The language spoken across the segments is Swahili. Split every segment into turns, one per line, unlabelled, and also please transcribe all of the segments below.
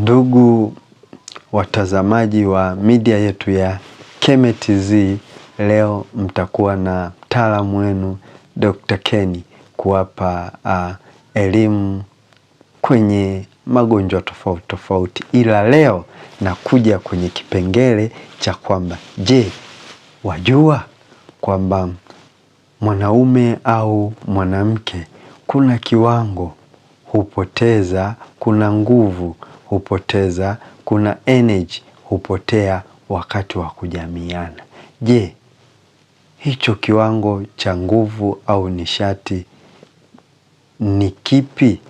Ndugu watazamaji wa media yetu ya Keme leo mtakuwa na mtaalamu wenu Dr. Kenny kuwapa uh, elimu kwenye magonjwa tofauti tofauti, ila leo nakuja kwenye kipengele cha kwamba je, wajua kwamba mwanaume au mwanamke kuna kiwango hupoteza, kuna nguvu hupoteza, kuna energy hupotea wakati wa kujamiana. Je, hicho kiwango cha nguvu au nishati ni kipi?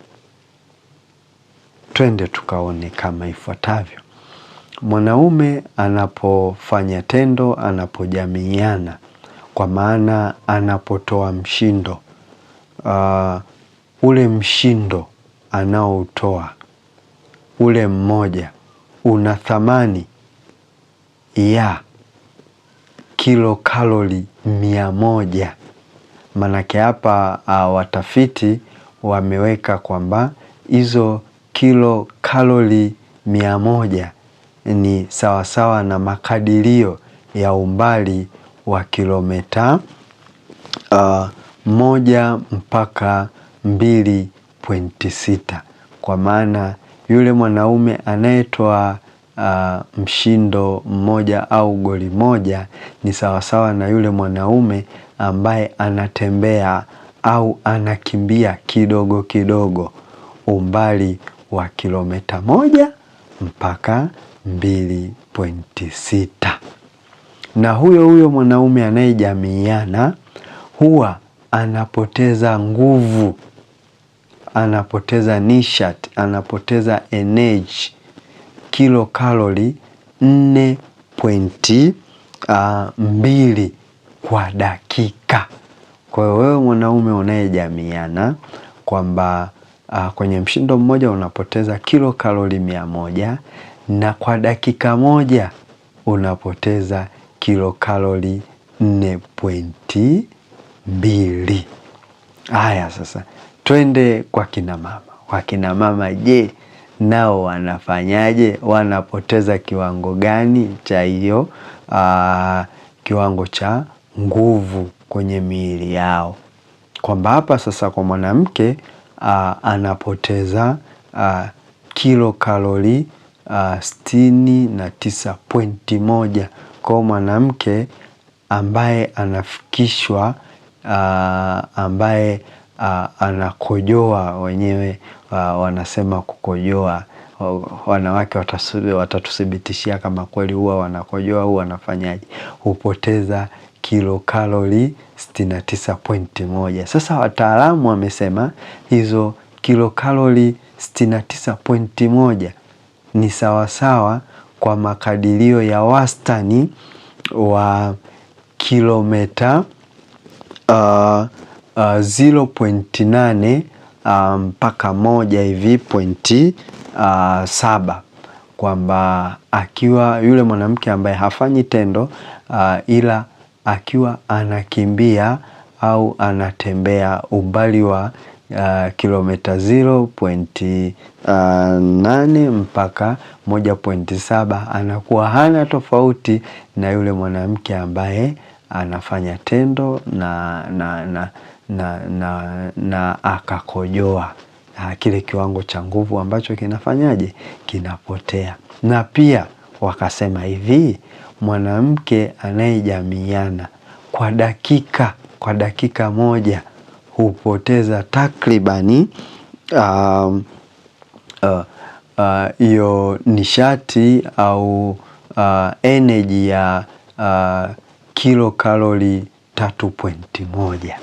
Twende tukaone kama ifuatavyo. Mwanaume anapofanya tendo, anapojamiiana, kwa maana anapotoa mshindo, uh, ule mshindo anaoutoa ule mmoja una thamani ya kilo kalori mia moja. Manake hapa uh, watafiti wameweka kwamba hizo kilo kalori mia moja ni sawasawa na makadirio ya umbali wa kilometa uh, ah, moja mpaka mbili pointi sita kwa maana yule mwanaume anayetoa uh, mshindo mmoja au goli moja ni sawasawa na yule mwanaume ambaye anatembea au anakimbia kidogo kidogo umbali wa kilomita moja mpaka 2.6. Na huyo huyo mwanaume anayejamiiana huwa anapoteza nguvu anapoteza nishat, anapoteza energy kilo kalori nne pointi ah, mbili kwa dakika. Kwa hiyo wewe mwanaume unayejamiana kwamba uh, kwenye mshindo mmoja unapoteza kilo kalori mia moja na kwa dakika moja unapoteza kilo kalori nne pointi mbili. Haya sasa twende kwa kina mama. Kwa kina mama, je, nao wanafanyaje? Wanapoteza kiwango gani cha hiyo kiwango cha nguvu kwenye miili yao? Kwamba hapa sasa kwa mwanamke anapoteza kilo kalori sitini na tisa pointi moja kwa mwanamke ambaye anafikishwa aa, ambaye uh, anakojoa wenyewe uh, wanasema kukojoa wanawake watatuthibitishia kama kweli huwa wanakojoa au wanafanyaje, hupoteza kilo kalori 69.1. Sasa wataalamu wamesema hizo kilo kalori 69.1 ni sawasawa kwa makadirio ya wastani wa kilometa uh, uh, ah, 0.8 mpaka um, moja hivi pointi uh, ah, saba kwamba akiwa yule mwanamke ambaye hafanyi tendo uh, ila akiwa anakimbia au anatembea umbali wa uh, kilomita 0.8 uh, mpaka 1.7 anakuwa hana tofauti na yule mwanamke ambaye anafanya tendo na, na, na, na, na, na akakojoa kile kiwango cha nguvu ambacho kinafanyaje kinapotea. Na pia wakasema hivi, mwanamke anayejamiana kwa dakika kwa dakika moja hupoteza takribani hiyo um, uh, uh, uh, nishati au uh, energy ya uh, kilo kalori 3.1.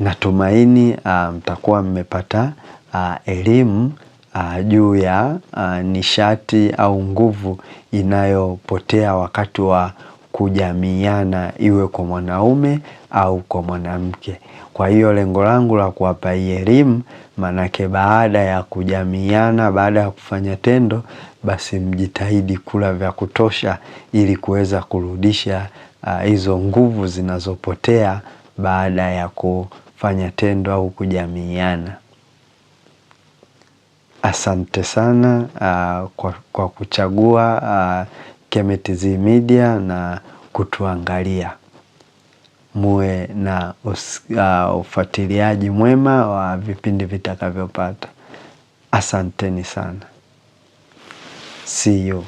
Natumaini uh, mtakuwa mmepata uh, elimu uh, juu ya uh, nishati au nguvu inayopotea wakati wa kujamiana iwe kwa mwanaume au kwa mwanamke. Kwa hiyo lengo langu la kuwapa hii elimu Manake baada ya kujamiana, baada ya kufanya tendo, basi mjitahidi kula vya kutosha ili kuweza kurudisha hizo uh, nguvu zinazopotea baada ya kufanya tendo au kujamiiana. Asante sana uh, kwa, kwa kuchagua uh, Kemetz Media na kutuangalia muwe na uh, ufuatiliaji mwema wa vipindi vitakavyopata. Asanteni sana. See you.